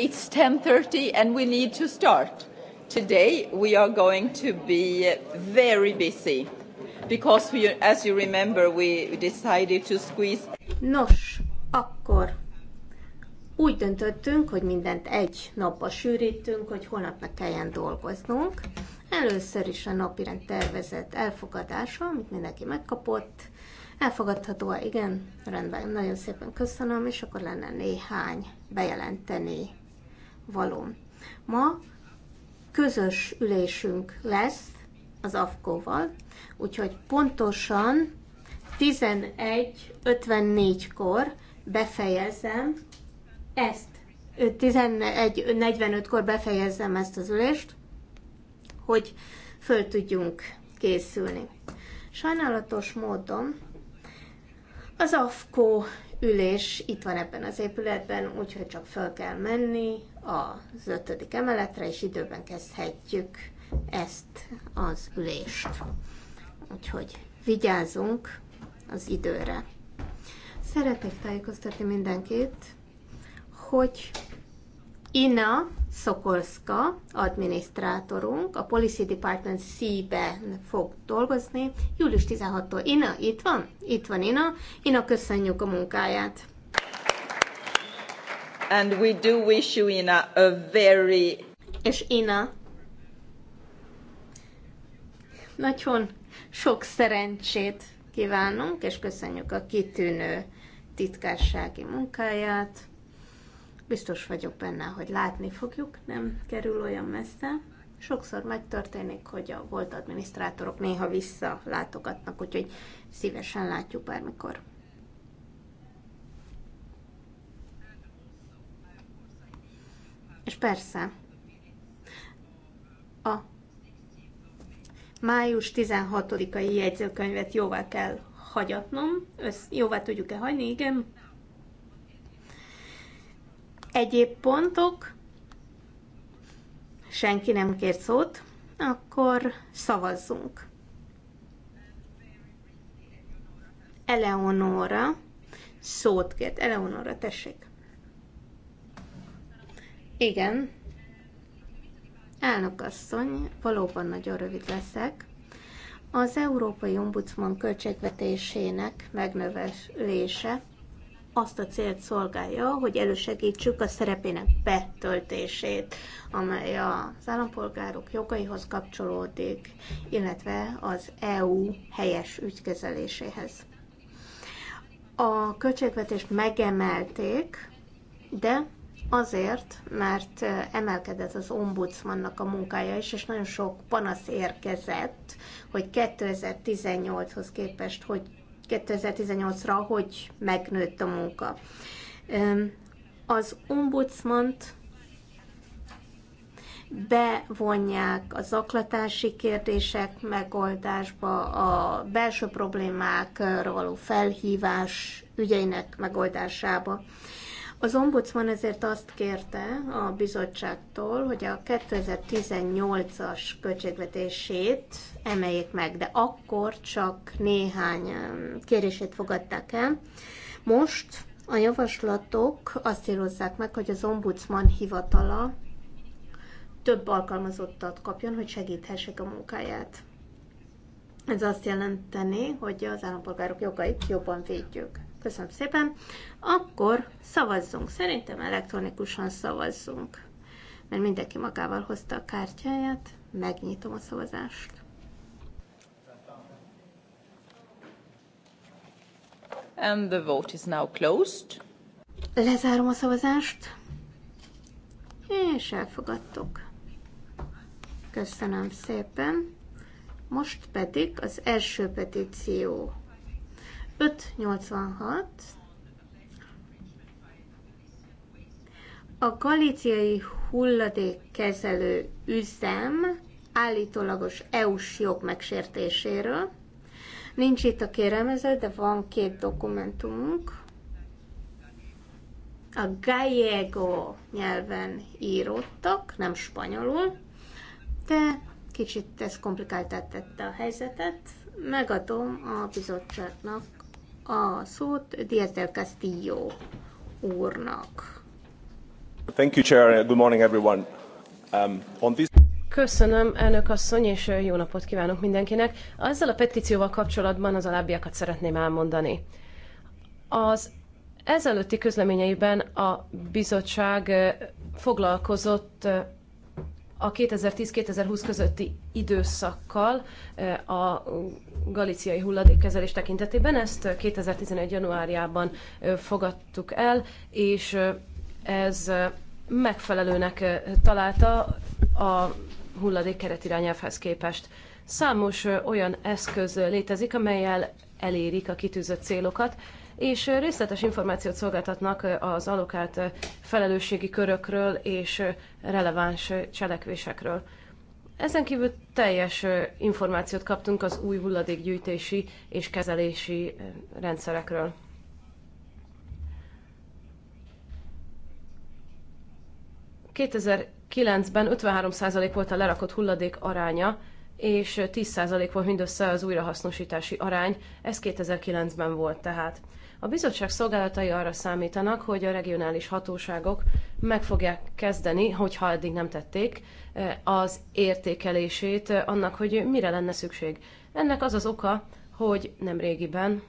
It's 10.30 and we need to start. Today we are going to be very busy because we, as you remember we decided to squeeze... Nos, akkor úgy döntöttünk, hogy mindent egy napba sűrítünk, hogy holnapnak kelljen dolgoznunk. Először is a napirend tervezett elfogadása, amit mindenki megkapott. Elfogadható, igen, rendben, nagyon szépen köszönöm, és akkor lenne néhány bejelenteni valom. Ma közös ülésünk lesz az AFKO-val, úgyhogy pontosan 11.54-kor befejezem ezt. 11.45-kor befejezem ezt az ülést, hogy föl tudjunk készülni. Sajnálatos módon az AFKO ülés itt van ebben az épületben, úgyhogy csak föl kell menni, az ötödik emeletre, és időben kezdhetjük ezt az ülést. Úgyhogy vigyázunk az időre. Szeretek tájékoztatni mindenkit, hogy Ina Szokolszka, adminisztrátorunk, a Policy Department C-ben fog dolgozni, július 16-tól. Ina, itt van? Itt van Ina. Ina, köszönjük a munkáját. And we do wish you, Ina, a very... És Ina, nagyon sok szerencsét kívánunk, és köszönjük a kitűnő titkársági munkáját. Biztos vagyok benne, hogy látni fogjuk, nem kerül olyan messze. Sokszor megtörténik, hogy a volt adminisztrátorok néha visszalátogatnak, úgyhogy szívesen látjuk bármikor. És persze, a május 16-ai jegyzőkönyvet jóvá kell hagyatnom. Össz, jóvá tudjuk-e hagyni? Igen. Egyéb pontok. Senki nem kér szót. Akkor szavazzunk. Eleonora szót kért. Eleonora, tessék. Igen. Elnökasszony, valóban nagyon rövid leszek. Az Európai Ombudsman költségvetésének megnövelése azt a célt szolgálja, hogy elősegítsük a szerepének betöltését, amely az állampolgárok jogaihoz kapcsolódik, illetve az EU helyes ügykezeléséhez. A költségvetést megemelték, de Azért, mert emelkedett az ombudsmannak a munkája is, és nagyon sok panasz érkezett, hogy 2018-hoz képest, hogy 2018-ra, hogy megnőtt a munka. Az ombudsmant bevonják a zaklatási kérdések megoldásba, a belső problémákra való felhívás ügyeinek megoldásába. Az ombudsman ezért azt kérte a bizottságtól, hogy a 2018-as költségvetését emeljék meg, de akkor csak néhány kérését fogadták el. Most a javaslatok azt írozzák meg, hogy az ombudsman hivatala több alkalmazottat kapjon, hogy segíthessék a munkáját. Ez azt jelenteni, hogy az állampolgárok jogait jobban védjük. Köszönöm szépen. Akkor szavazzunk. Szerintem elektronikusan szavazzunk. Mert mindenki magával hozta a kártyáját. Megnyitom a szavazást. And the vote is now closed. Lezárom a szavazást. És elfogadtuk. Köszönöm szépen. Most pedig az első petíció 586. A galíciai hulladékkezelő üzem állítólagos EU-s jog megsértéséről. Nincs itt a kérelmező, de van két dokumentumunk. A gallego nyelven írottak, nem spanyolul, de kicsit ez komplikáltát tette a helyzetet. Megadom a bizottságnak a szót Díaz del Castillo úrnak. Thank you, Chair. Good morning, everyone. Um, on this... Köszönöm, elnök asszony, és jó napot kívánok mindenkinek. Ezzel a petícióval kapcsolatban az alábbiakat szeretném elmondani. Az ezelőtti közleményeiben a bizottság foglalkozott a 2010-2020 közötti időszakkal a galiciai hulladékkezelés tekintetében. Ezt 2011. januárjában fogadtuk el, és ez megfelelőnek találta a hulladék keretirányelvhez képest. Számos olyan eszköz létezik, amelyel elérik a kitűzött célokat, és részletes információt szolgáltatnak az alokált felelősségi körökről és releváns cselekvésekről. Ezen kívül teljes információt kaptunk az új hulladékgyűjtési és kezelési rendszerekről. ...2009-ben 53% volt a lerakott hulladék aránya, és 10% volt mindössze az újrahasznosítási arány, ez 2009-ben volt tehát. A bizottság szolgálatai arra számítanak, hogy a regionális hatóságok meg fogják kezdeni, hogyha eddig nem tették, eh, az értékelését eh, annak, hogy mire lenne szükség. Ennek az az oka, hogy nem régiben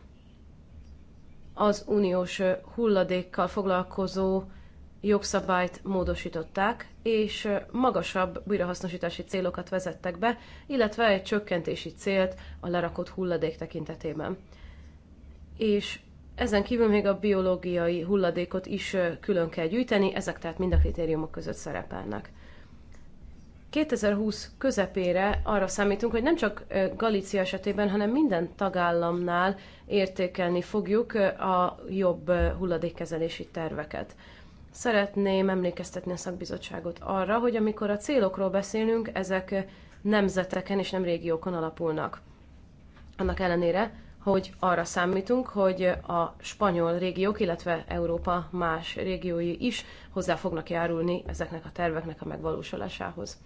az uniós eh, hulladékkal foglalkozó jogszabályt módosították, és magasabb újrahasznosítási célokat vezettek be, illetve egy csökkentési célt a lerakott hulladék tekintetében. És ezen kívül még a biológiai hulladékot is külön kell gyűjteni, ezek tehát mind a kritériumok között szerepelnek. 2020 közepére arra számítunk, hogy nem csak Galícia esetében, hanem minden tagállamnál értékelni fogjuk a jobb hulladékkezelési terveket. Szeretném emlékeztetni a szakbizottságot arra, hogy amikor a célokról beszélünk, ezek nemzeteken és nem régiókon alapulnak. Annak ellenére, hogy arra számítunk, hogy a spanyol régiók, illetve Európa más régiói is hozzá fognak járulni ezeknek a terveknek a megvalósulásához.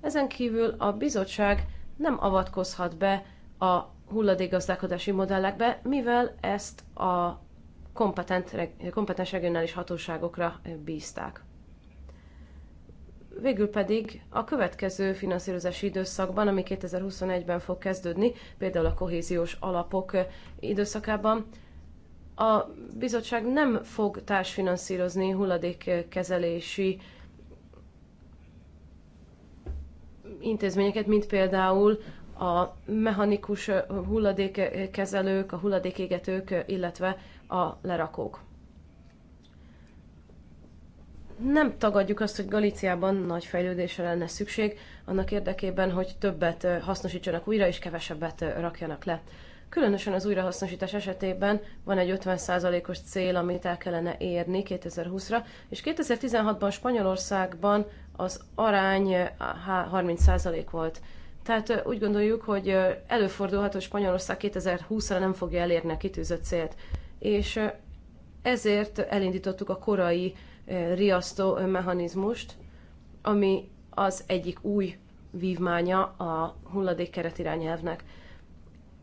Ezen kívül a bizottság nem avatkozhat be a hulladékgazdálkodási modellekbe, mivel ezt a kompetens regionális hatóságokra bízták végül pedig a következő finanszírozási időszakban, ami 2021-ben fog kezdődni, például a kohéziós alapok időszakában, a bizottság nem fog társfinanszírozni hulladékkezelési intézményeket, mint például a mechanikus hulladékkezelők, a hulladékégetők, illetve a lerakók. Nem tagadjuk azt, hogy Galíciában nagy fejlődésre lenne szükség, annak érdekében, hogy többet hasznosítsanak újra és kevesebbet rakjanak le. Különösen az újrahasznosítás esetében van egy 50%-os cél, amit el kellene érni 2020-ra, és 2016-ban Spanyolországban az arány 30% volt. Tehát úgy gondoljuk, hogy előfordulhat, hogy Spanyolország 2020-ra nem fogja elérni a kitűzött célt. És ezért elindítottuk a korai riasztó mechanizmust, ami az egyik új vívmánya a hulladékkeret irányelvnek.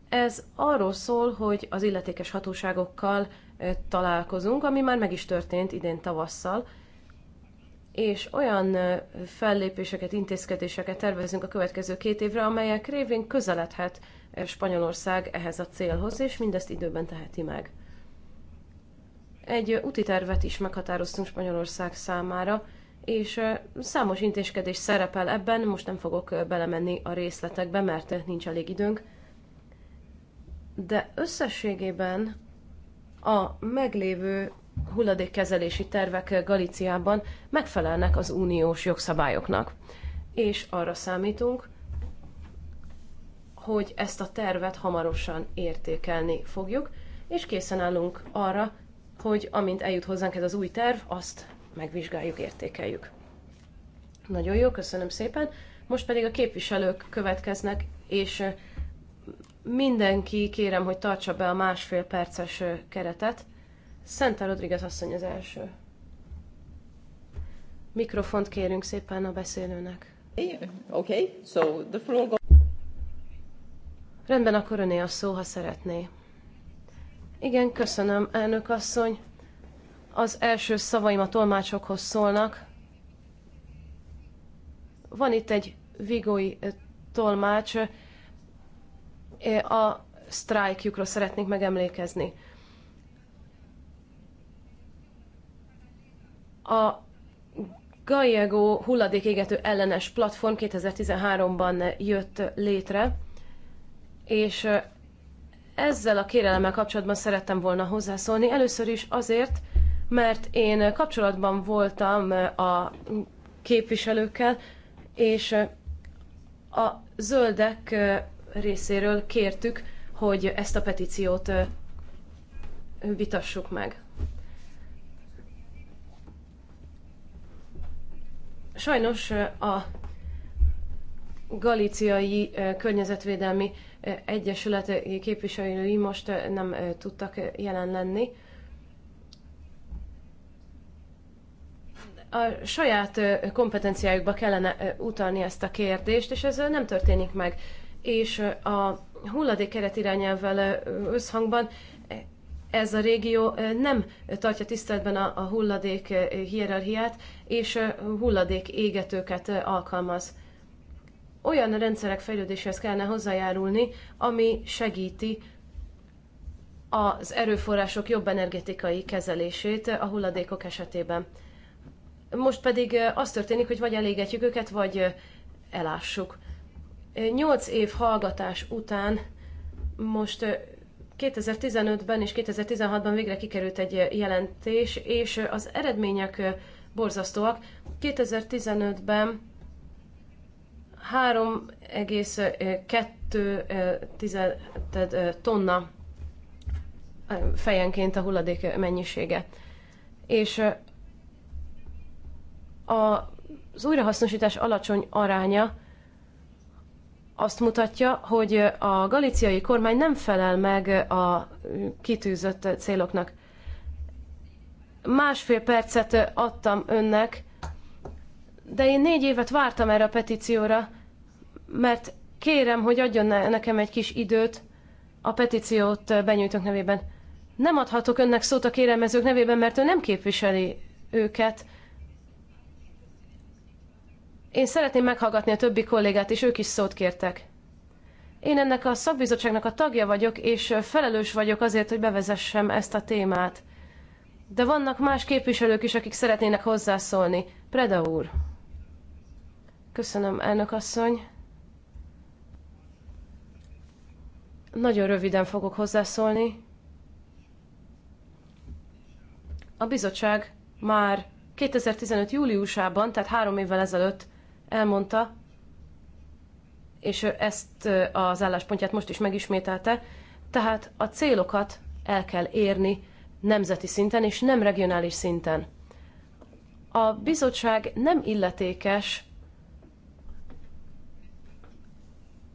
Ez arról szól, hogy az illetékes hatóságokkal találkozunk, ami már meg is történt idén tavasszal, és olyan fellépéseket, intézkedéseket tervezünk a következő két évre, amelyek révén közeledhet Spanyolország ehhez a célhoz, és mindezt időben teheti meg egy úti tervet is meghatároztunk Spanyolország számára, és számos intézkedés szerepel ebben, most nem fogok belemenni a részletekbe, mert nincs elég időnk. De összességében a meglévő hulladékkezelési tervek Galíciában megfelelnek az uniós jogszabályoknak. És arra számítunk, hogy ezt a tervet hamarosan értékelni fogjuk, és készen állunk arra, hogy amint eljut hozzánk ez az új terv, azt megvizsgáljuk, értékeljük. Nagyon jó, köszönöm szépen. Most pedig a képviselők következnek, és mindenki kérem, hogy tartsa be a másfél perces keretet. Szenta Rodriguez asszony az első. Mikrofont kérünk szépen a beszélőnek. Okay, so the floor go- Rendben, akkor öné a szó, ha szeretné. Igen, köszönöm, elnök asszony. Az első szavaim a tolmácsokhoz szólnak. Van itt egy vigói tolmács. A sztrájkjukra szeretnék megemlékezni. A Gallego hulladékégető ellenes platform 2013-ban jött létre, és ezzel a kérelemmel kapcsolatban szerettem volna hozzászólni. Először is azért, mert én kapcsolatban voltam eh, a képviselőkkel, és eh, a zöldek eh, részéről kértük, hogy ezt a petíciót vitassuk meg. Sajnos a galíciai környezetvédelmi Egyesület képviselői most nem tudtak jelen lenni. A saját kompetenciájukba kellene utalni ezt a kérdést, és ez nem történik meg. És a hulladék keret irányelvvel összhangban ez a régió nem tartja tiszteletben a hulladék hierarchiát, és hulladék égetőket alkalmaz olyan rendszerek fejlődéséhez kellene hozzájárulni, ami segíti az erőforrások jobb energetikai kezelését a hulladékok esetében. Most pedig eh, az történik, hogy vagy elégetjük őket, vagy eh, elássuk. Eh, nyolc év hallgatás után most 2015-ben és 2016-ban végre kikerült egy jelentés, és az eredmények borzasztóak. 2015-ben 3,2 tonna fejenként a hulladék mennyisége. És az újrahasznosítás alacsony aránya azt mutatja, hogy a galiciai kormány nem felel meg a kitűzött céloknak. Másfél percet adtam önnek, de én négy évet vártam erre a petícióra, mert kérem, hogy adjon nekem egy kis időt a petíciót benyújtók nevében. Nem adhatok önnek szót a kérelmezők nevében, mert ő nem képviseli őket. Én szeretném meghallgatni a többi kollégát, és ők is szót kértek. Én ennek a szakbizottságnak a tagja vagyok, és felelős vagyok azért, hogy bevezessem ezt a témát. De vannak más képviselők is, akik szeretnének hozzászólni. Preda úr. Köszönöm, elnök asszony. Nagyon röviden fogok hozzászólni. A bizottság már 2015. júliusában, tehát három évvel ezelőtt elmondta, és ezt az álláspontját most is megismételte, tehát a célokat el kell érni nemzeti szinten és nem regionális szinten. A bizottság nem illetékes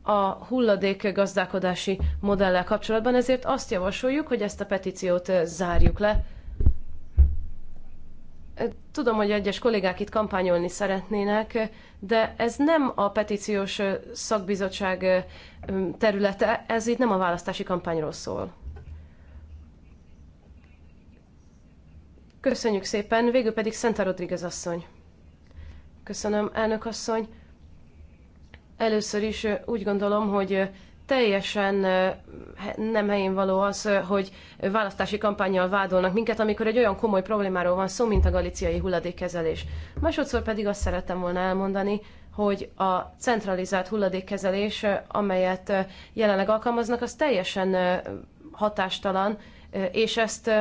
a hulladék gazdálkodási modellel kapcsolatban, ezért azt javasoljuk, hogy ezt a petíciót zárjuk le. Tudom, hogy egyes kollégák itt kampányolni szeretnének, de ez nem a petíciós szakbizottság területe, ez itt nem a választási kampányról szól. Köszönjük szépen, végül pedig Szenta Rodríguez asszony. Köszönöm, elnök asszony. Először is úgy gondolom, hogy teljesen nem helyén való az, hogy választási kampányjal vádolnak minket, amikor egy olyan komoly problémáról van szó, mint a galiciai hulladékkezelés. Másodszor pedig azt szerettem volna elmondani, hogy a centralizált hulladékkezelés, amelyet jelenleg alkalmaznak, az teljesen hatástalan, és ezt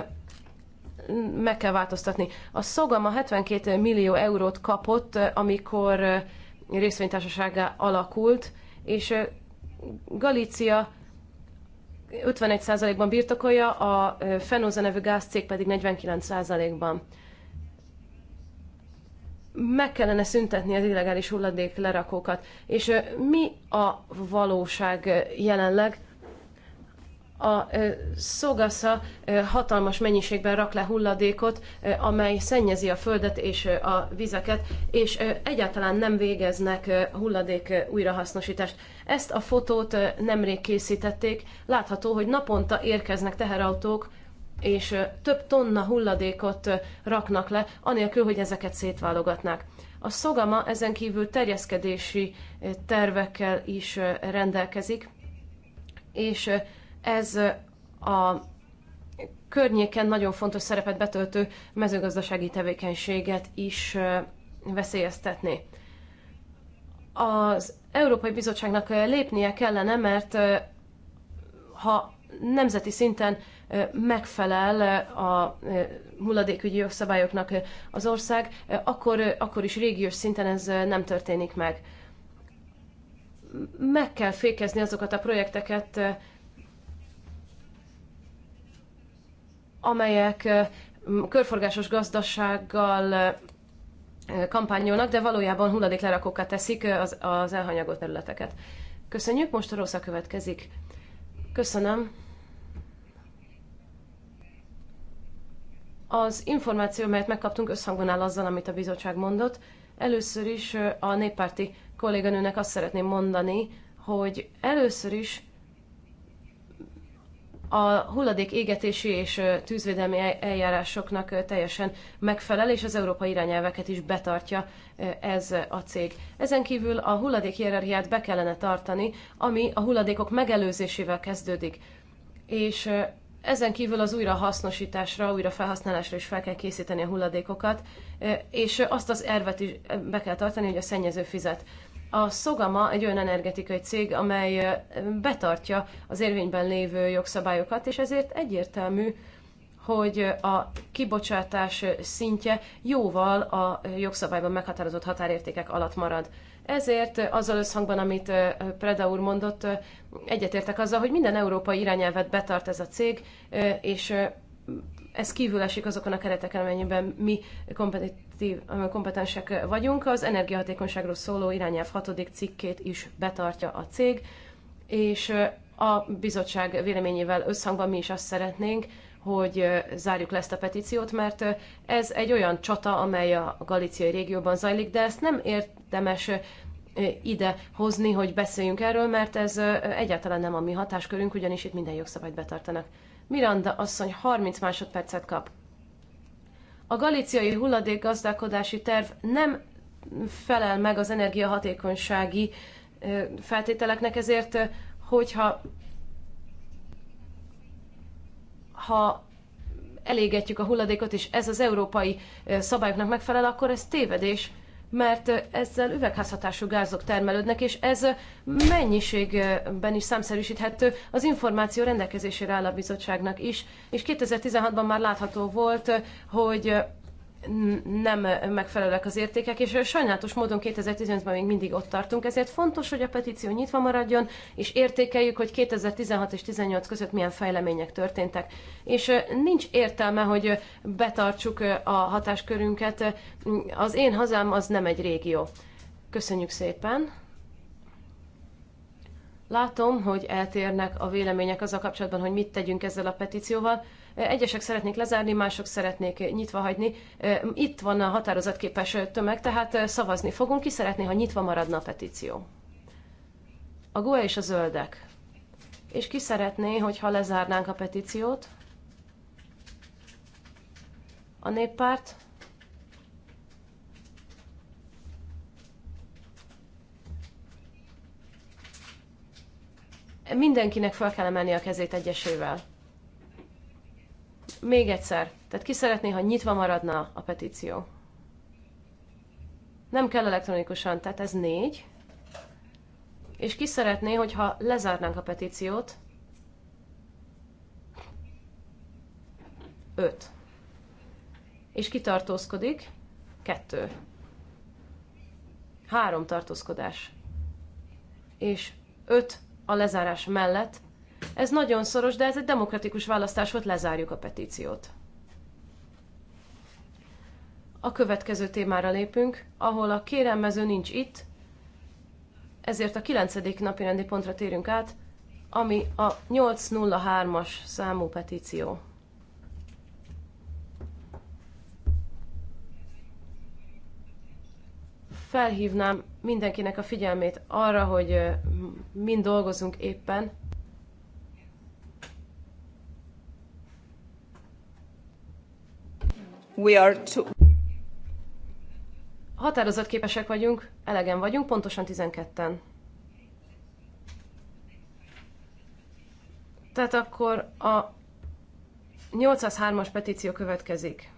meg kell változtatni. A szogam a 72 millió eurót kapott, amikor részvénytársaságá alakult, és Galícia 51%-ban birtokolja, a Fenóza nevű gázcég pedig 49%-ban. Meg kellene szüntetni az illegális hulladék lerakókat. És mi a valóság jelenleg? a szogasza hatalmas mennyiségben rak le hulladékot, amely szennyezi a földet és a vizeket, és egyáltalán nem végeznek hulladék újrahasznosítást. Ezt a fotót nemrég készítették, látható, hogy naponta érkeznek teherautók, és több tonna hulladékot raknak le, anélkül, hogy ezeket szétválogatnák. A szogama ezen kívül terjeszkedési tervekkel is rendelkezik, és ez a környéken nagyon fontos szerepet betöltő mezőgazdasági tevékenységet is veszélyeztetni. Az Európai Bizottságnak lépnie kellene, mert ha nemzeti szinten megfelel a hulladékügyi jogszabályoknak az ország, akkor, akkor is régiós szinten ez nem történik meg. Meg kell fékezni azokat a projekteket, amelyek körforgásos gazdasággal kampányolnak, de valójában hulladéklerakókat teszik az, az elhanyagolt területeket. Köszönjük, most a rossz következik. Köszönöm. Az információ, melyet megkaptunk, összhangban áll azzal, amit a bizottság mondott. Először is a néppárti kolléganőnek azt szeretném mondani, hogy először is a hulladék égetési és tűzvédelmi eljárásoknak teljesen megfelel, és az európai irányelveket is betartja ez a cég. Ezen kívül a hulladék hierarchiát be kellene tartani, ami a hulladékok megelőzésével kezdődik. És ezen kívül az újrahasznosításra, újrafelhasználásra is fel kell készíteni a hulladékokat, és azt az ervet is be kell tartani, hogy a szennyező fizet. A Szogama egy olyan energetikai cég, amely betartja az érvényben lévő jogszabályokat, és ezért egyértelmű, hogy a kibocsátás szintje jóval a jogszabályban meghatározott határértékek alatt marad. Ezért azzal összhangban, amit Preda úr mondott, egyetértek azzal, hogy minden európai irányelvet betart ez a cég, és ez kívül esik azokon a kereteken, amennyiben mi kompetensek vagyunk. Az energiahatékonyságról szóló irányelv hatodik cikkét is betartja a cég, és a bizottság véleményével összhangban mi is azt szeretnénk, hogy zárjuk le ezt a petíciót, mert ez egy olyan csata, amely a galiciai régióban zajlik, de ezt nem érdemes ide hozni, hogy beszéljünk erről, mert ez egyáltalán nem a mi hatáskörünk, ugyanis itt minden jogszabályt betartanak. Miranda asszony 30 másodpercet kap. A galíciai hulladékgazdálkodási terv nem felel meg az energiahatékonysági feltételeknek, ezért hogyha ha elégetjük a hulladékot, és ez az európai szabályoknak megfelel, akkor ez tévedés, mert ezzel üvegházhatású gázok termelődnek, és ez mennyiségben is számszerűsíthető. Az információ rendelkezésére áll a bizottságnak is, és 2016-ban már látható volt, hogy nem megfelelőek az értékek, és sajnálatos módon 2015-ben még mindig ott tartunk, ezért fontos, hogy a petíció nyitva maradjon, és értékeljük, hogy 2016 és 2018 között milyen fejlemények történtek. És nincs értelme, hogy betartsuk a hatáskörünket. Az én hazám az nem egy régió. Köszönjük szépen! Látom, hogy eltérnek a vélemények az a kapcsolatban, hogy mit tegyünk ezzel a petícióval. Egyesek szeretnék lezárni, mások szeretnék nyitva hagyni. Itt van a határozatképes tömeg, tehát szavazni fogunk. Ki szeretné, ha nyitva maradna a petíció? A GUE és a zöldek. És ki szeretné, hogyha lezárnánk a petíciót? A néppárt? Mindenkinek fel kell emelni a kezét egyesével. Még egyszer, tehát ki szeretné, ha nyitva maradna a petíció? Nem kell elektronikusan, tehát ez négy. És ki szeretné, hogyha lezárnánk a petíciót? Öt. És ki tartózkodik? Kettő. Három tartózkodás. És öt a lezárás mellett ez nagyon szoros, de ez egy demokratikus választás volt, lezárjuk a petíciót. A következő témára lépünk, ahol a kérelmező nincs itt, ezért a 9. napi rendi pontra térünk át, ami a 803-as számú petíció. Felhívnám mindenkinek a figyelmét arra, hogy mind dolgozunk éppen, We are too. Határozott képesek vagyunk, elegen vagyunk, pontosan 12-en. Tehát akkor a 803-as petíció következik.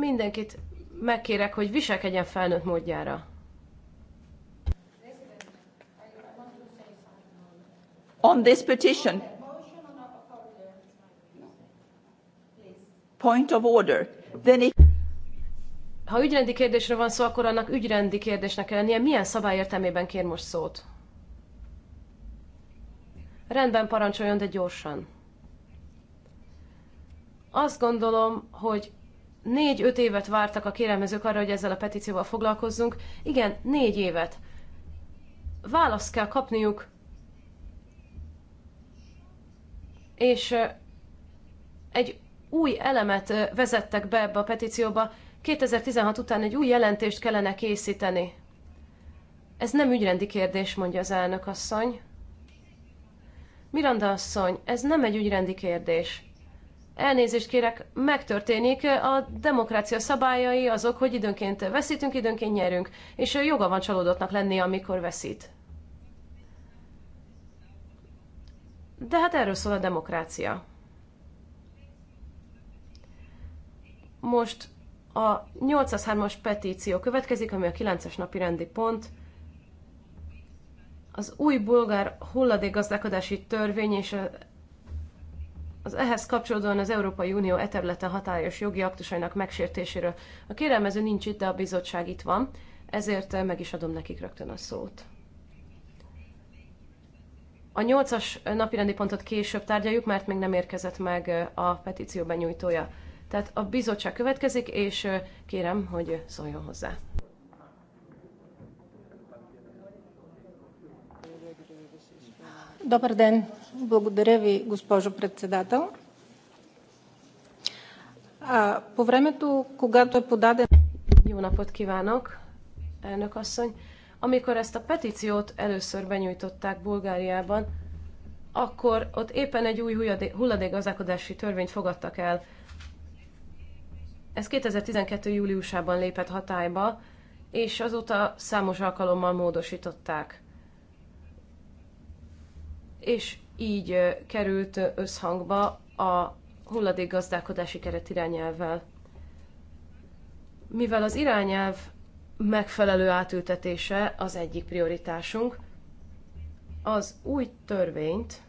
Mindenkit megkérek, hogy viselkedjen felnőtt módjára. on this petition. Point of order. Then it... Ha ügyrendi kérdésről van szó, akkor annak ügyrendi kérdésnek kell lennie. Milyen szabály értelmében kér most szót? Rendben parancsoljon, de gyorsan. Azt gondolom, hogy négy-öt évet vártak a kérelmezők arra, hogy ezzel a petícióval foglalkozzunk. Igen, négy évet. Választ kell kapniuk és egy új elemet vezettek be ebbe a petícióba, 2016 után egy új jelentést kellene készíteni. Ez nem ügyrendi kérdés, mondja az elnök asszony. Miranda asszony, ez nem egy ügyrendi kérdés. Elnézést kérek, megtörténik, a demokrácia szabályai azok, hogy időnként veszítünk, időnként nyerünk, és joga van csalódottnak lenni, amikor veszít. De hát erről szól a demokrácia. Most a 803-as petíció következik, ami a 9-es napi rendi pont. Az új bulgár hulladékgazdálkodási törvény és az ehhez kapcsolódóan az Európai Unió e területen hatályos jogi aktusainak megsértéséről. A kérelmező nincs itt, de a bizottság itt van, ezért meg is adom nekik rögtön a szót. A nyolcas napirendi pontot később tárgyaljuk, mert még nem érkezett meg a petíció benyújtója. Tehát a bizottság következik, és kérem, hogy szóljon hozzá. Добър ден! Благодаря ви, госпожо председател. А, по времето, когато е подаден... Jó napot kívánok, elnök asszony! Amikor ezt a petíciót először benyújtották Bulgáriában, akkor ott éppen egy új hulladékgazdálkodási törvényt fogadtak el. Ez 2012. júliusában lépett hatályba, és azóta számos alkalommal módosították. És így került összhangba a hulladékgazdálkodási keret irányelvvel. Mivel az irányelv megfelelő átültetése az egyik prioritásunk. Az új törvényt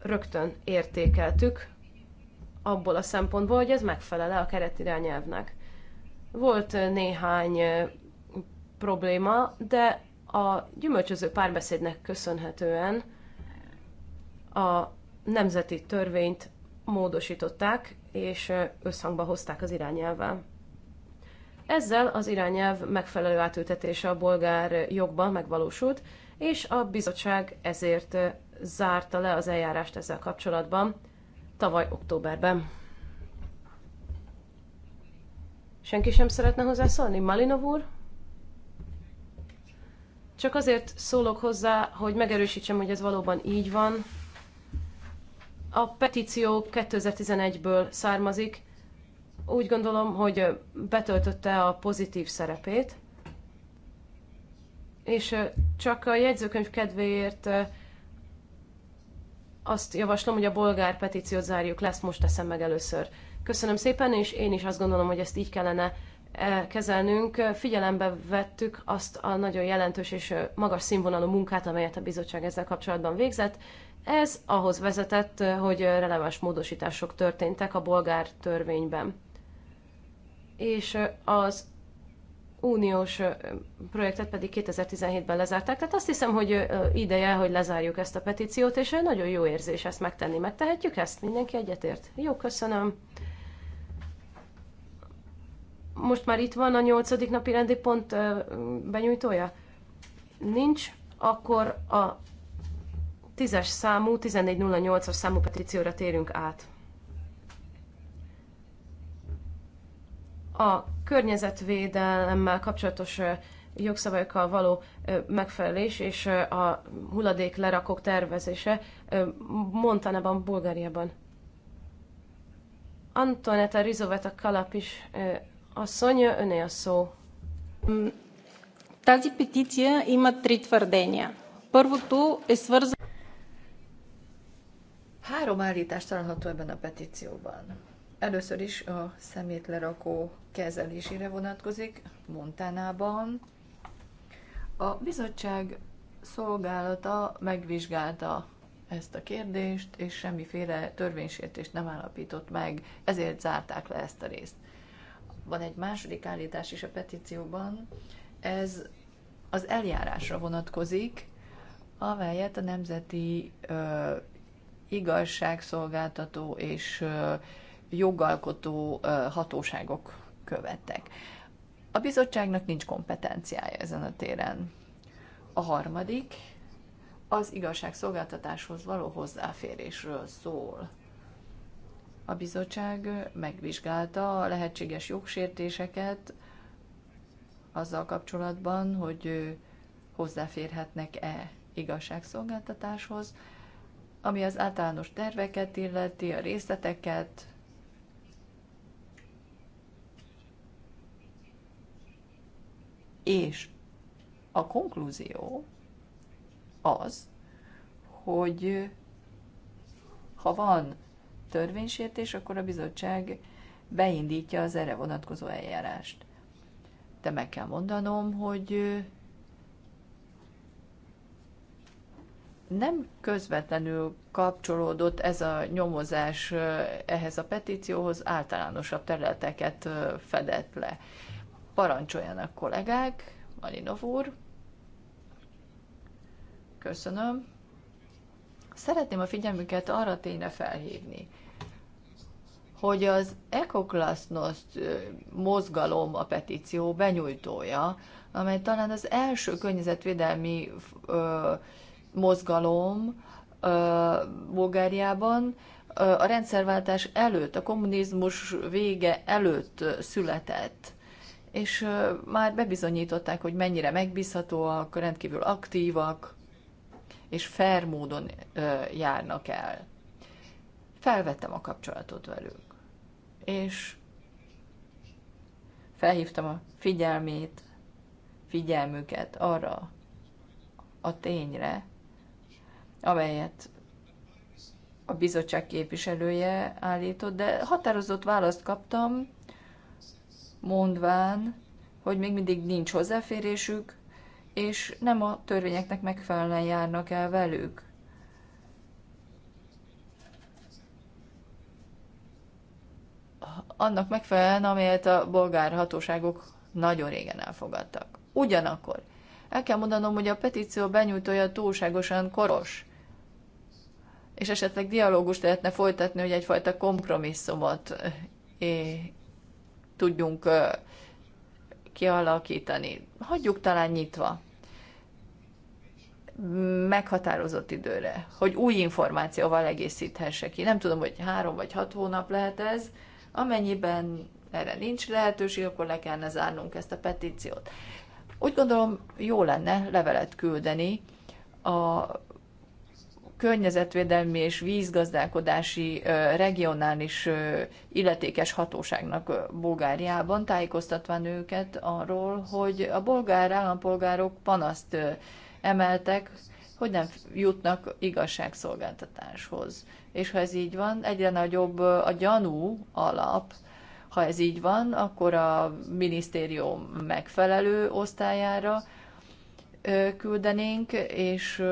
rögtön értékeltük abból a szempontból, hogy ez megfelele a keretirányelvnek. Volt néhány probléma, de a gyümölcsöző párbeszédnek köszönhetően a nemzeti törvényt módosították, és összhangba hozták az irányelvvel. Ezzel az irányelv megfelelő átültetése a bolgár jogban megvalósult, és a bizottság ezért zárta le az eljárást ezzel kapcsolatban tavaly októberben. Senki sem szeretne hozzászólni? Malinov úr? Csak azért szólok hozzá, hogy megerősítsem, hogy ez valóban így van. A petíció 2011-ből származik, úgy gondolom, hogy betöltötte a pozitív szerepét, és csak a jegyzőkönyv kedvéért azt javaslom, hogy a bolgár petíciót zárjuk lesz, most teszem meg először. Köszönöm szépen, és én is azt gondolom, hogy ezt így kellene kezelnünk. Figyelembe vettük azt a nagyon jelentős és magas színvonalú munkát, amelyet a bizottság ezzel kapcsolatban végzett. Ez ahhoz vezetett, hogy releváns módosítások történtek a bolgár törvényben és az uniós projektet pedig 2017-ben lezárták. Tehát azt hiszem, hogy ideje, hogy lezárjuk ezt a petíciót, és nagyon jó érzés ezt megtenni. Megtehetjük ezt? Mindenki egyetért? Jó, köszönöm. Most már itt van a nyolcadik napi rendi pont benyújtója? Nincs. Akkor a 10-es számú, 1408-as számú petícióra térünk át. a környezetvédelemmel kapcsolatos jogszabályokkal való megfelelés és a hulladék lerakók tervezése Montanában, Bulgáriában. Antoneta Rizoveta Kalap is asszony, öné a szó. Тази petícia ima tri твърдения. Първото е свързано... Három állítást található ebben a petícióban. Először is a szemétlerakó kezelésére vonatkozik Montanában. A bizottság szolgálata megvizsgálta ezt a kérdést, és semmiféle törvénysértést nem állapított meg, ezért zárták le ezt a részt. Van egy második állítás is a petícióban, ez az eljárásra vonatkozik, amelyet a Nemzeti ö, Igazságszolgáltató és ö, jogalkotó hatóságok követtek. A bizottságnak nincs kompetenciája ezen a téren. A harmadik az igazságszolgáltatáshoz való hozzáférésről szól. A bizottság megvizsgálta a lehetséges jogsértéseket azzal kapcsolatban, hogy hozzáférhetnek-e igazságszolgáltatáshoz, ami az általános terveket illeti, a részleteket, És a konklúzió az, hogy ha van törvénysértés, akkor a bizottság beindítja az erre vonatkozó eljárást. De meg kell mondanom, hogy nem közvetlenül kapcsolódott ez a nyomozás ehhez a petícióhoz, általánosabb területeket fedett le. Parancsoljanak kollégák, Malinov úr. Köszönöm. Szeretném a figyelmüket arra tényre felhívni, hogy az Ekoklasznoszt mozgalom a petíció benyújtója, amely talán az első környezetvédelmi ö, mozgalom ö, Bulgáriában ö, a rendszerváltás előtt, a kommunizmus vége előtt született és már bebizonyították, hogy mennyire megbízhatóak, rendkívül aktívak, és fair módon járnak el. Felvettem a kapcsolatot velük, és felhívtam a figyelmét, figyelmüket arra a tényre, amelyet a bizottság képviselője állított, de határozott választ kaptam, mondván, hogy még mindig nincs hozzáférésük, és nem a törvényeknek megfelelően járnak el velük. Annak megfelelően, amelyet a bolgár hatóságok nagyon régen elfogadtak. Ugyanakkor el kell mondanom, hogy a petíció benyújtója túlságosan koros, és esetleg dialógust lehetne folytatni, hogy egyfajta kompromisszumot eh, tudjunk kialakítani. Hagyjuk talán nyitva meghatározott időre, hogy új információval egészíthesse ki. Nem tudom, hogy három vagy hat hónap lehet ez. Amennyiben erre nincs lehetőség, akkor le kellene zárnunk ezt a petíciót. Úgy gondolom, jó lenne levelet küldeni a környezetvédelmi és vízgazdálkodási regionális illetékes hatóságnak Bulgáriában, tájékoztatván őket arról, hogy a bolgár állampolgárok panaszt emeltek, hogy nem jutnak igazságszolgáltatáshoz. És ha ez így van, egyre nagyobb a gyanú alap, ha ez így van, akkor a minisztérium megfelelő osztályára, küldenénk, és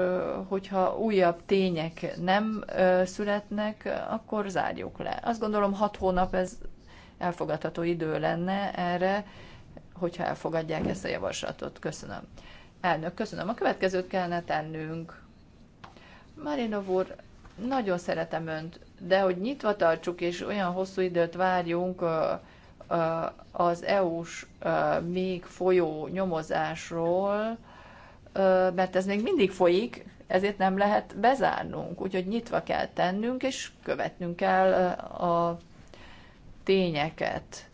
hogyha újabb tények nem születnek, akkor zárjuk le. Azt gondolom, hat hónap ez elfogadható idő lenne erre, hogyha elfogadják ezt a javaslatot. Köszönöm. Elnök, köszönöm. A következőt kellene tennünk. Marinov úr, nagyon szeretem önt, de hogy nyitva tartsuk és olyan hosszú időt várjunk az EU-s még folyó nyomozásról, mert ez még mindig folyik, ezért nem lehet bezárnunk, úgyhogy nyitva kell tennünk, és követnünk kell a tényeket.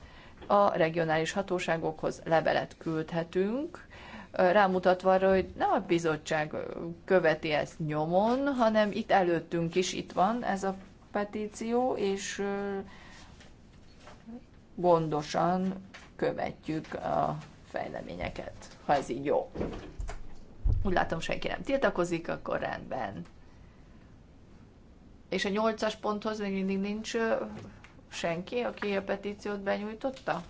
A regionális hatóságokhoz levelet küldhetünk, rámutatva arra, hogy nem a bizottság követi ezt nyomon, hanem itt előttünk is itt van ez a petíció, és gondosan követjük a fejleményeket, ha ez így jó. Úgy látom, senki nem tiltakozik, akkor rendben. És a nyolcas ponthoz még mindig nincs senki, aki a petíciót benyújtotta?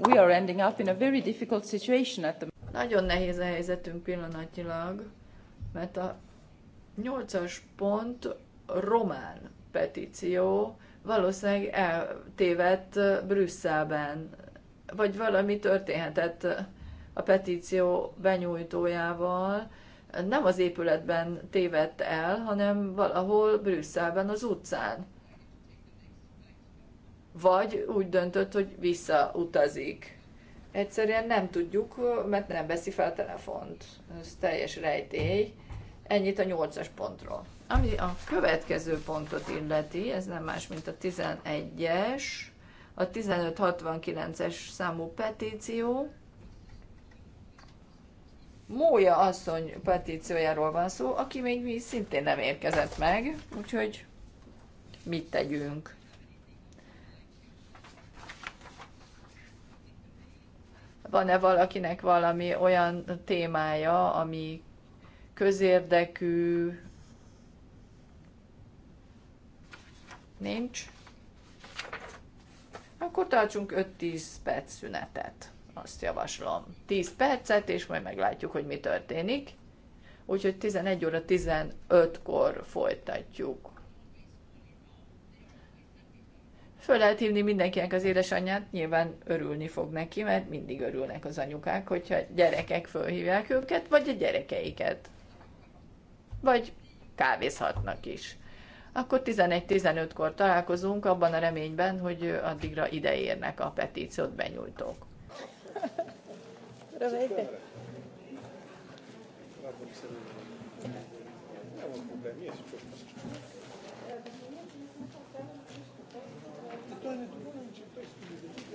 we are ending up in a very difficult situation at the Nagyon nehéz a helyzetünk pillanatnyilag, mert a nyolcas pont román petíció valószínűleg eltévedt Brüsszelben, vagy valami történhetett a petíció benyújtójával, nem az épületben tévedt el, hanem valahol Brüsszelben az utcán vagy úgy döntött, hogy visszautazik. Egyszerűen nem tudjuk, mert nem veszi fel a telefont. Ez teljes rejtély. Ennyit a 8-as pontról. Ami a következő pontot illeti, ez nem más, mint a 11-es, a 1569-es számú petíció. Mója asszony petíciójáról van szó, aki még mi szintén nem érkezett meg, úgyhogy mit tegyünk? van-e valakinek valami olyan témája, ami közérdekű, nincs, akkor tartsunk 5-10 perc szünetet. Azt javaslom. 10 percet, és majd meglátjuk, hogy mi történik. Úgyhogy 11 óra 15-kor folytatjuk. Föl lehet hívni mindenkinek az édesanyját, nyilván örülni fog neki, mert mindig örülnek az anyukák, hogyha gyerekek fölhívják őket, vagy a gyerekeiket. Vagy kávézhatnak is. Akkor 11-15-kor találkozunk, abban a reményben, hogy addigra ideérnek a petíciót benyújtók. Totale, tu non c'è questo.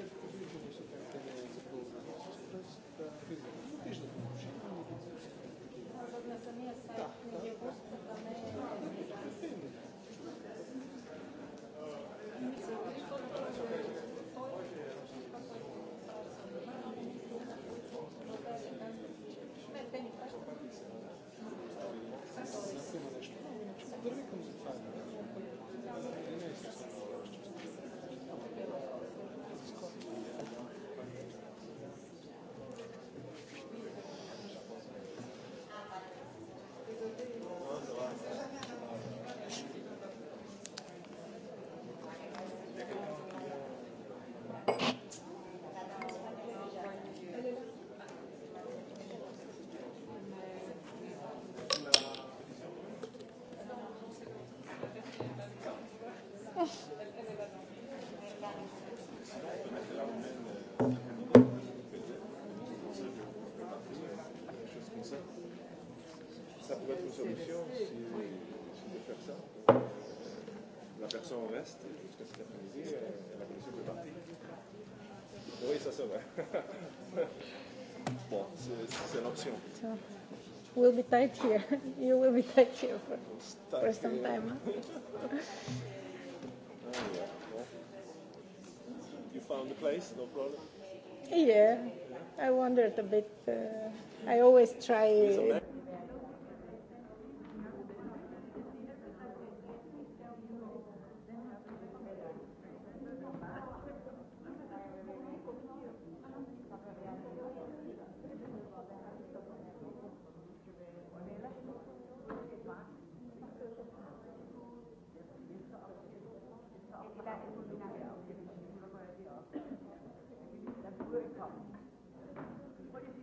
solution, si, faire ça. La personne reste jusqu'à cet après-midi et la commission peut partir. Oui, ça, bon, c'est we'll be tight here. You will be tight here for, for some time. Ah, yeah. you found the place, no problem? Yeah, I wondered a bit. Uh, I always try. What is it?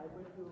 I went to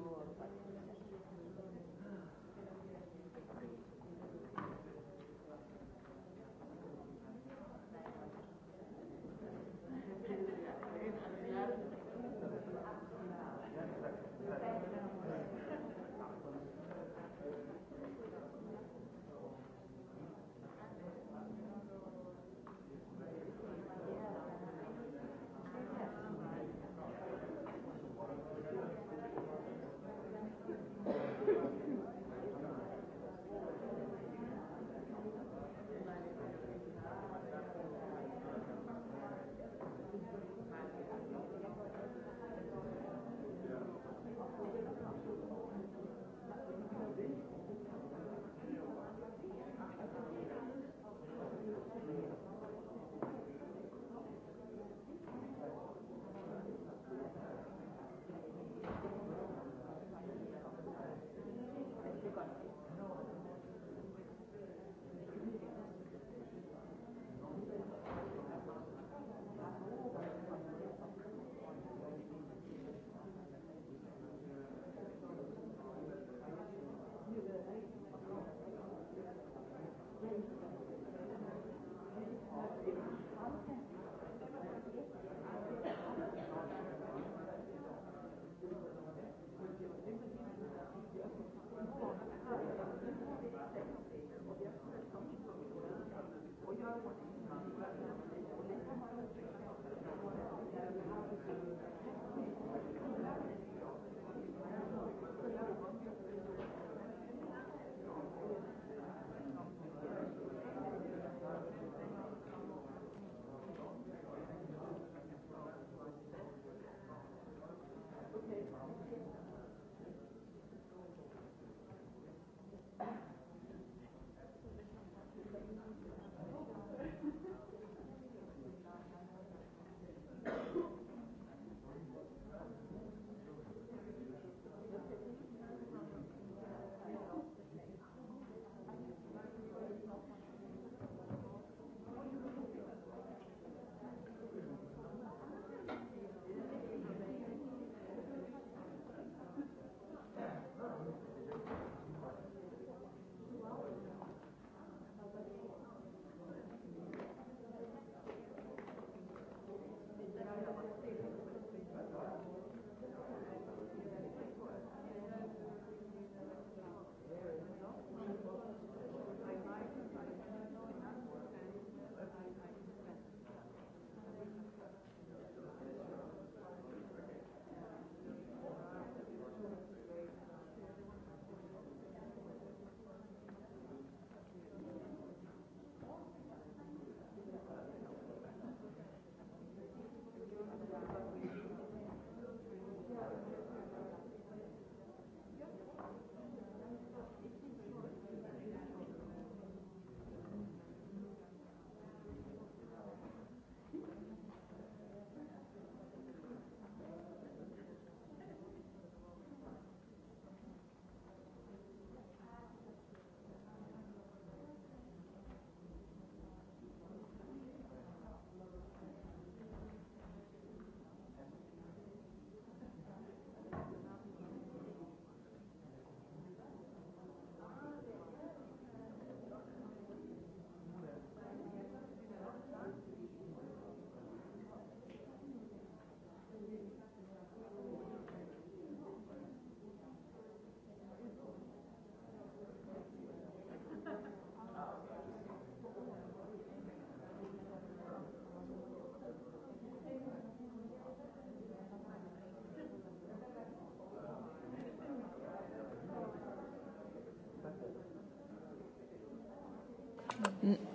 Hogyan?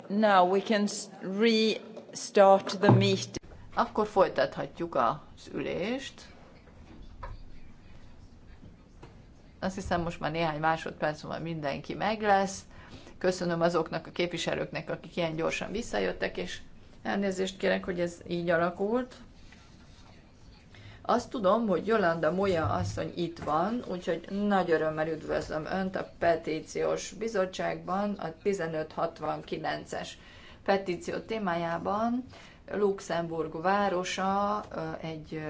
Now we can restart the meeting. Akkor folytathatjuk az ülést. Azt hiszem, most már néhány másodperc van, mindenki meg lesz. Köszönöm azoknak a képviselőknek, akik ilyen gyorsan visszajöttek, és elnézést kérek, hogy ez így alakult. Azt tudom, hogy Jolanda Moya asszony itt van, úgyhogy nagy örömmel üdvözlöm Önt a petíciós bizottságban, a 1569-es petíció témájában. Luxemburg városa egy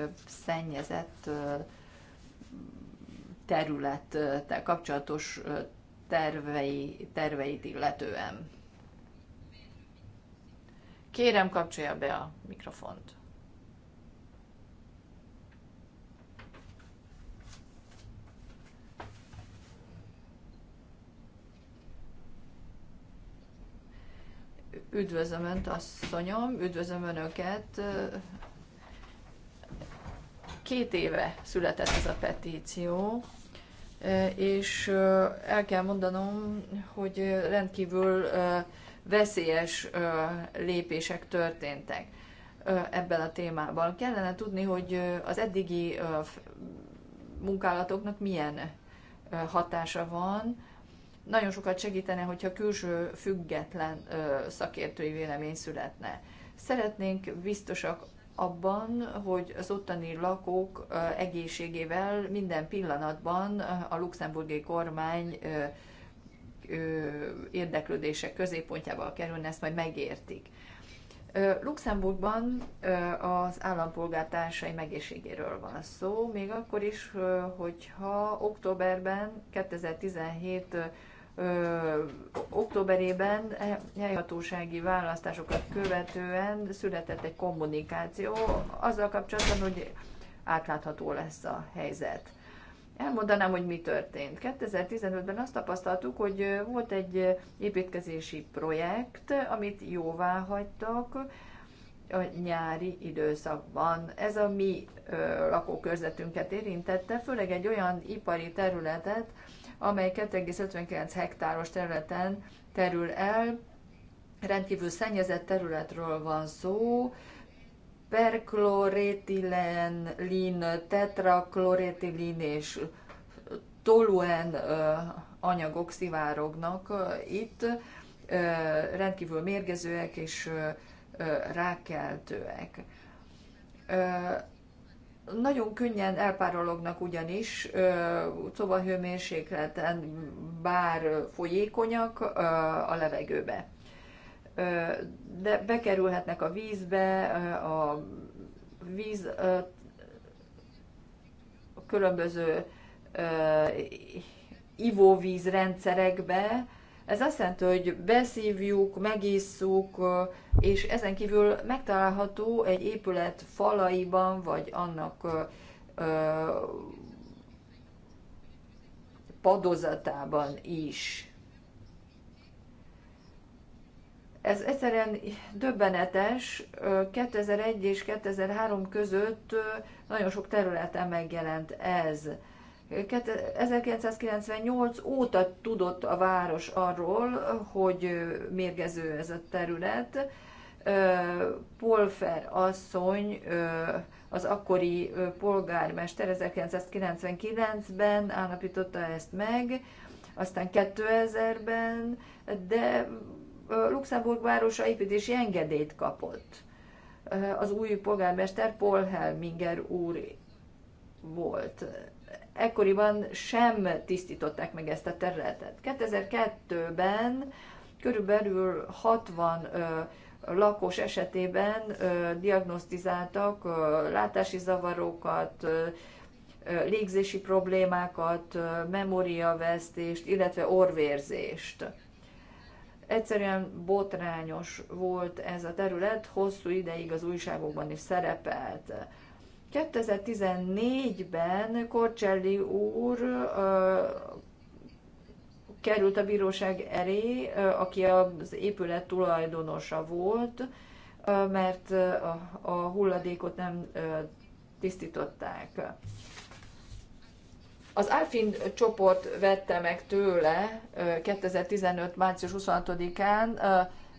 szennyezett területtel kapcsolatos tervei, terveit illetően. Kérem, kapcsolja be a mikrofont. Üdvözlöm Önt, asszonyom, üdvözlöm Önöket. Két éve született ez a petíció, és el kell mondanom, hogy rendkívül veszélyes lépések történtek ebben a témában. Kellene tudni, hogy az eddigi munkálatoknak milyen hatása van, nagyon sokat segítene, hogyha külső független szakértői vélemény születne. Szeretnénk biztosak abban, hogy az ottani lakók egészségével minden pillanatban a luxemburgi kormány érdeklődése középpontjába kerülne, ezt majd megértik. Luxemburgban az állampolgártársai megészségéről van szó, még akkor is, hogyha októberben 2017 ö, októberében e, helyhatósági választásokat követően született egy kommunikáció azzal kapcsolatban, hogy átlátható lesz a helyzet. Elmondanám, hogy mi történt. 2015-ben azt tapasztaltuk, hogy volt egy építkezési projekt, amit jóvá hagytak a nyári időszakban. Ez a mi ö, lakókörzetünket érintette, főleg egy olyan ipari területet, amely 2,59 hektáros területen terül el. Rendkívül szennyezett területről van szó, lin, tetraklorétilin és toluen anyagok szivárognak itt, rendkívül mérgezőek és rákeltőek nagyon könnyen elpárolognak ugyanis, szóval hőmérsékleten bár folyékonyak a levegőbe. De bekerülhetnek a vízbe, a víz a különböző ivóvízrendszerekbe, rendszerekbe, ez azt jelenti, hogy beszívjuk, megisszuk, és ezen kívül megtalálható egy épület falaiban, vagy annak padozatában is. Ez egyszerűen döbbenetes. 2001 és 2003 között nagyon sok területen megjelent ez. 1998 óta tudott a város arról, hogy mérgező ez a terület. Polfer asszony, az akkori polgármester 1999-ben állapította ezt meg, aztán 2000-ben, de Luxemburg városa építési engedélyt kapott. Az új polgármester Paul Helminger úr volt ekkoriban sem tisztították meg ezt a területet. 2002-ben körülbelül 60 lakos esetében diagnosztizáltak látási zavarokat, légzési problémákat, memóriavesztést, illetve orvérzést. Egyszerűen botrányos volt ez a terület, hosszú ideig az újságokban is szerepelt. 2014-ben Korcselli úr került a bíróság elé, aki az épület tulajdonosa volt, mert a hulladékot nem tisztították. Az Alfin csoport vette meg tőle 2015. március 26-án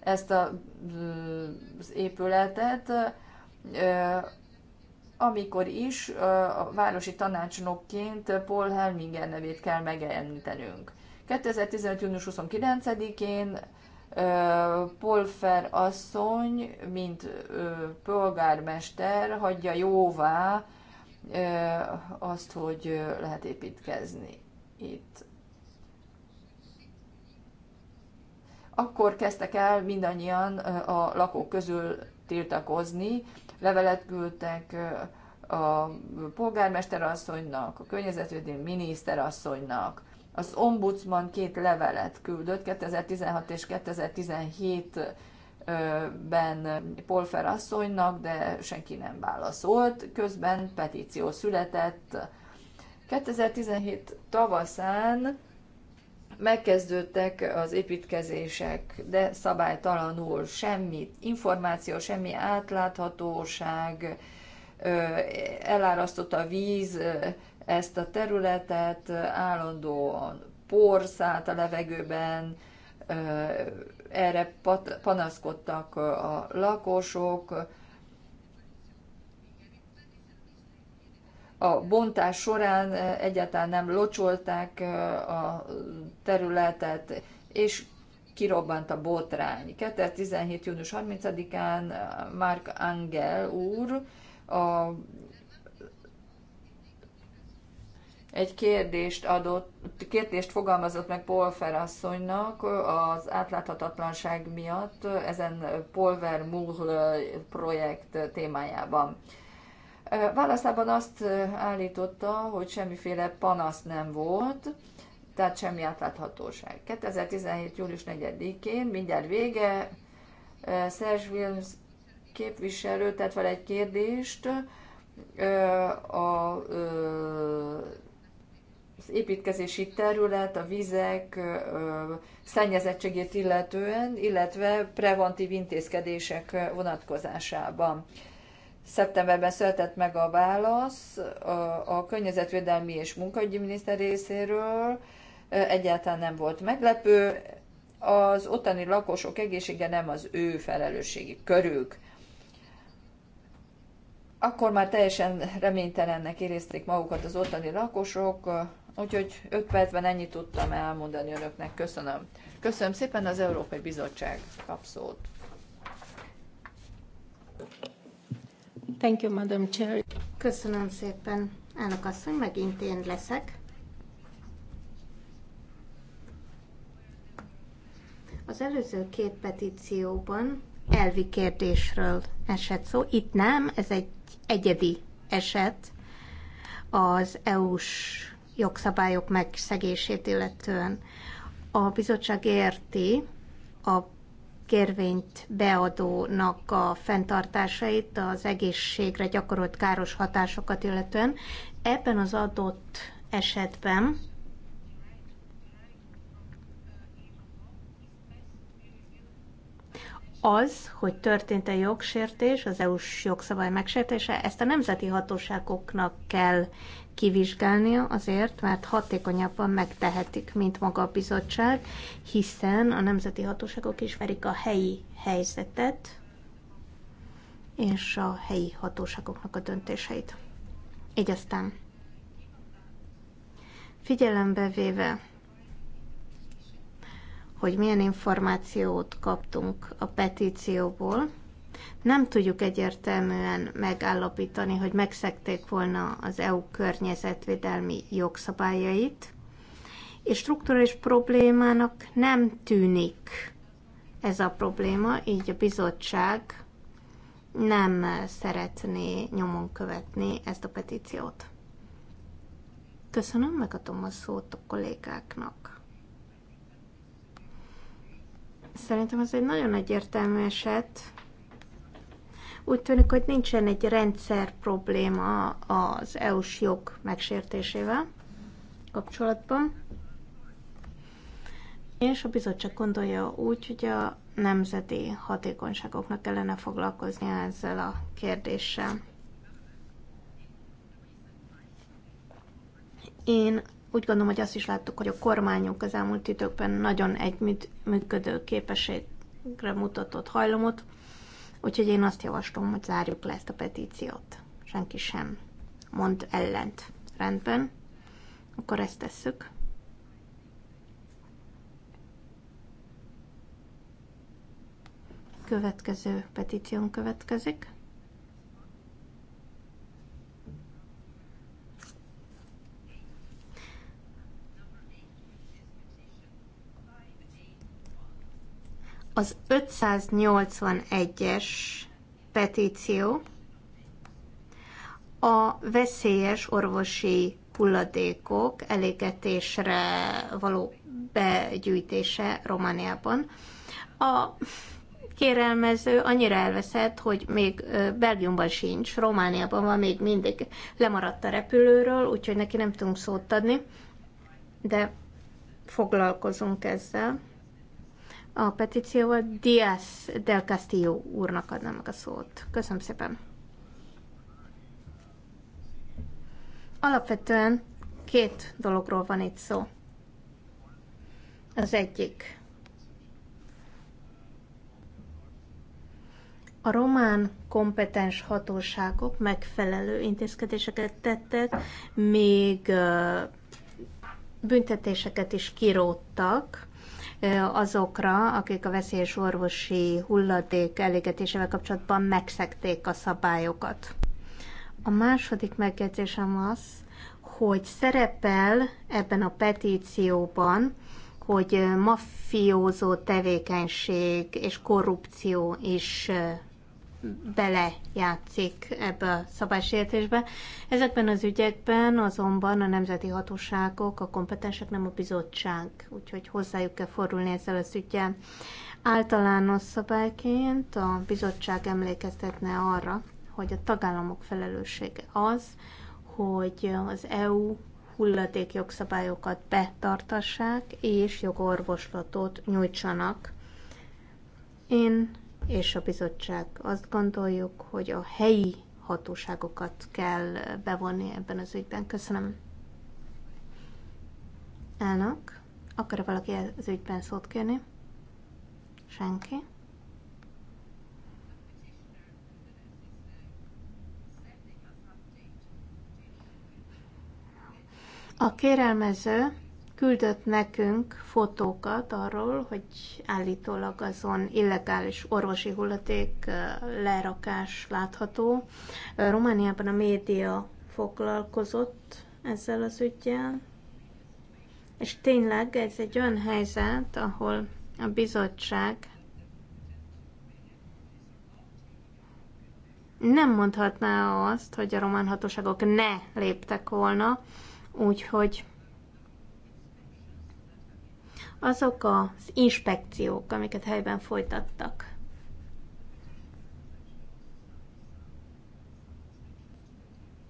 ezt az épületet, amikor is a városi tanácsnokként Paul Helminger nevét kell megjelenítenünk. 2015. június 29-én Polfer asszony, mint polgármester hagyja jóvá azt, hogy lehet építkezni itt. Akkor kezdtek el mindannyian a lakók közül tiltakozni, levelet küldtek a polgármesterasszonynak, a környezetvédelmi miniszterasszonynak, az ombudsman két levelet küldött 2016 és 2017 ben Polfer asszonynak, de senki nem válaszolt. Közben petíció született. 2017 tavaszán megkezdődtek az építkezések, de szabálytalanul semmi információ, semmi átláthatóság, elárasztotta a víz ezt a területet, állandóan por szállt a levegőben, erre panaszkodtak a lakosok, a bontás során eh, egyáltalán nem locsolták eh, a területet, és kirobbant a botrány. 2017. június 30-án eh, Mark Angel úr a egy kérdést adott, kérdést fogalmazott meg Polfer asszonynak az átláthatatlanság miatt ezen Polver Muhl projekt témájában. Válaszában azt állította, hogy semmiféle panasz nem volt, tehát semmi átláthatóság. 2017. július 4-én, mindjárt vége, Serge Wilms képviselő tett fel egy kérdést a, az építkezési terület, a vizek szennyezettségét illetően, illetve preventív intézkedések vonatkozásában. Szeptemberben született meg a válasz a Környezetvédelmi és Munkaügyi Miniszter részéről. Egyáltalán nem volt meglepő. Az ottani lakosok egészsége nem az ő felelősségi körük. Akkor már teljesen reménytelennek érezték magukat az ottani lakosok, úgyhogy 5 percben ennyit tudtam elmondani önöknek. Köszönöm. Köszönöm szépen az Európai Bizottság kapszót. Thank you, Madam Chair. Köszönöm szépen, elnök asszony, megint én leszek. Az előző két petícióban elvi kérdésről esett szó. Itt nem, ez egy egyedi eset az EU-s jogszabályok megszegését illetően. A bizottság érti a kérvényt beadónak a fenntartásait az egészségre gyakorolt káros hatásokat illetően. Ebben az adott esetben az, hogy történt a jogsértés, az EU-s jogszabály megsértése, ezt a nemzeti hatóságoknak kell kivizsgálnia azért, mert hatékonyabban megtehetik, mint maga a bizottság, hiszen a nemzeti hatóságok ismerik a helyi helyzetet és a helyi hatóságoknak a döntéseit. Így aztán figyelembe véve, hogy milyen információt kaptunk a petícióból, nem tudjuk egyértelműen megállapítani, hogy megszekték volna az EU környezetvédelmi jogszabályait, és strukturális problémának nem tűnik ez a probléma, így a bizottság nem szeretné nyomon követni ezt a petíciót. Köszönöm, megadom a szót a kollégáknak. Szerintem ez egy nagyon egyértelmű eset, úgy tűnik, hogy nincsen egy rendszer probléma az EU-s jog megsértésével kapcsolatban, és a bizottság gondolja úgy, hogy a nemzeti hatékonyságoknak kellene foglalkozni ezzel a kérdéssel. Én úgy gondolom, hogy azt is láttuk, hogy a kormányok az elmúlt időkben nagyon együtt működő képességre mutatott hajlamot, Úgyhogy én azt javaslom, hogy zárjuk le ezt a petíciót. Senki sem mond ellent. Rendben. Akkor ezt tesszük. Következő petíción következik. az 581-es petíció a veszélyes orvosi hulladékok elégetésre való begyűjtése Romániában. A kérelmező annyira elveszett, hogy még Belgiumban sincs, Romániában van még mindig lemaradt a repülőről, úgyhogy neki nem tudunk szót adni, de foglalkozunk ezzel a petícióval, Diaz del Castillo úrnak adnám meg a szót. Köszönöm szépen. Alapvetően két dologról van itt szó. Az egyik. A román kompetens hatóságok megfelelő intézkedéseket tettek, még büntetéseket is kiróttak, azokra, akik a veszélyes orvosi hulladék elégetésével kapcsolatban megszekték a szabályokat. A második megjegyzésem az, hogy szerepel ebben a petícióban, hogy maffiózó tevékenység és korrupció is belejátszik ebbe a szabálysértésbe. Ezekben az ügyekben azonban a nemzeti hatóságok, a kompetensek, nem a bizottság, úgyhogy hozzájuk kell fordulni ezzel az ügyel. Általános szabályként a bizottság emlékeztetne arra, hogy a tagállamok felelőssége az, hogy az EU hulladék jogszabályokat betartassák és jogorvoslatot nyújtsanak. Én és a bizottság. Azt gondoljuk, hogy a helyi hatóságokat kell bevonni ebben az ügyben. Köszönöm. Elnök, akar -e valaki az ügyben szót kérni? Senki? A kérelmező küldött nekünk fotókat arról, hogy állítólag azon illegális orvosi hulladék lerakás látható. Romániában a média foglalkozott ezzel az ügyjel, és tényleg ez egy olyan helyzet, ahol a bizottság nem mondhatná azt, hogy a román hatóságok ne léptek volna, úgyhogy azok az inspekciók, amiket helyben folytattak.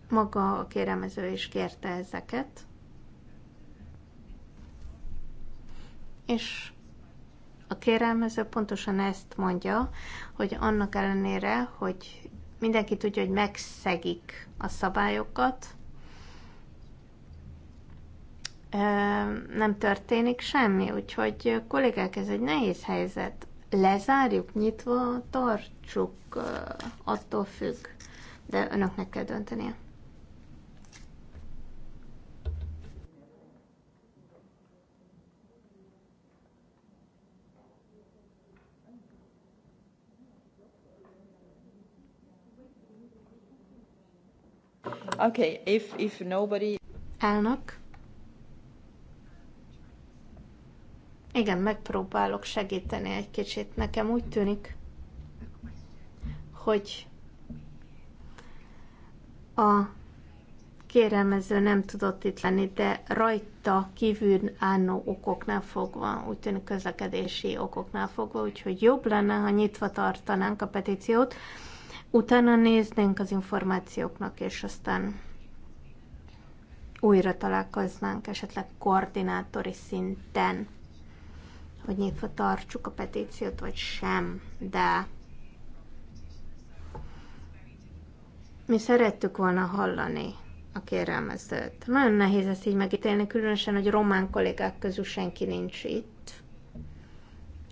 Maga a kéremező is kérte ezeket. És a kérelmező pontosan ezt mondja, hogy annak ellenére, hogy mindenki tudja, hogy megszegik a szabályokat, nem történik semmi, úgyhogy kollégák, ez egy nehéz helyzet. Lezárjuk, nyitva tartsuk, attól függ, de önöknek kell döntenie. Okay, if, if nobody... Elnök. Igen, megpróbálok segíteni egy kicsit. Nekem úgy tűnik, hogy a kérelmező nem tudott itt lenni, de rajta kívül álló okoknál fogva, úgy tűnik közlekedési okoknál fogva, úgyhogy jobb lenne, ha nyitva tartanánk a petíciót, utána néznénk az információknak, és aztán újra találkoznánk, esetleg koordinátori szinten hogy nyitva tartsuk a petíciót, vagy sem, de mi szerettük volna hallani a kérelmezőt. Nagyon nehéz ezt így megítélni, különösen, hogy román kollégák közül senki nincs itt.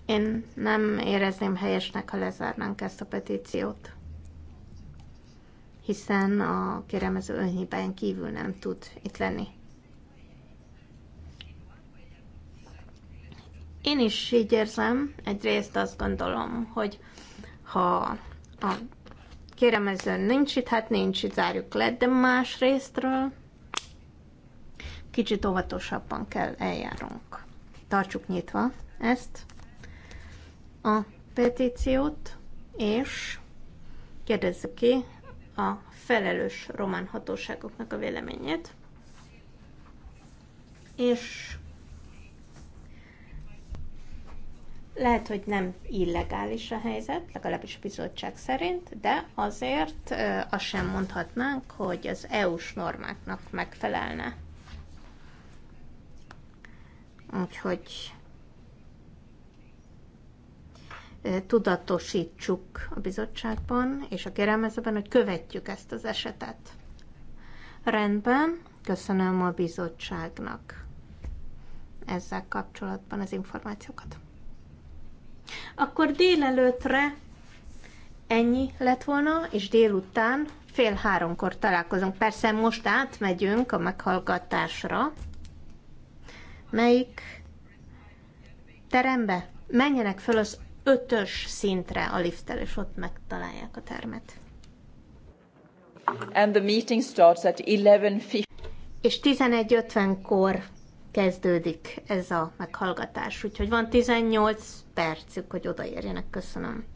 Én nem érezném helyesnek, ha lezárnánk ezt a petíciót, hiszen a kérelmező önhibáján kívül nem tud itt lenni. Én is így érzem, egyrészt azt gondolom, hogy ha a kéremezőn nincs itt, hát nincs itt, zárjuk le, de más részről kicsit óvatosabban kell eljárunk. Tartsuk nyitva ezt a petíciót, és kérdezzük ki a felelős román hatóságoknak a véleményét, és Lehet, hogy nem illegális a helyzet, legalábbis a bizottság szerint, de azért azt sem mondhatnánk, hogy az EU-s normáknak megfelelne. Úgyhogy tudatosítsuk a bizottságban és a kérelmezőben, hogy követjük ezt az esetet. Rendben, köszönöm a bizottságnak ezzel kapcsolatban az információkat. Akkor délelőtre ennyi lett volna, és délután fél háromkor találkozunk. Persze most átmegyünk a meghallgatásra. Melyik terembe? Menjenek föl az ötös szintre a lifttel, és ott megtalálják a termet. And the meeting starts at 11.50. És 11.50-kor kezdődik ez a meghallgatás. Úgyhogy van 18 percük, hogy odaérjenek. Köszönöm.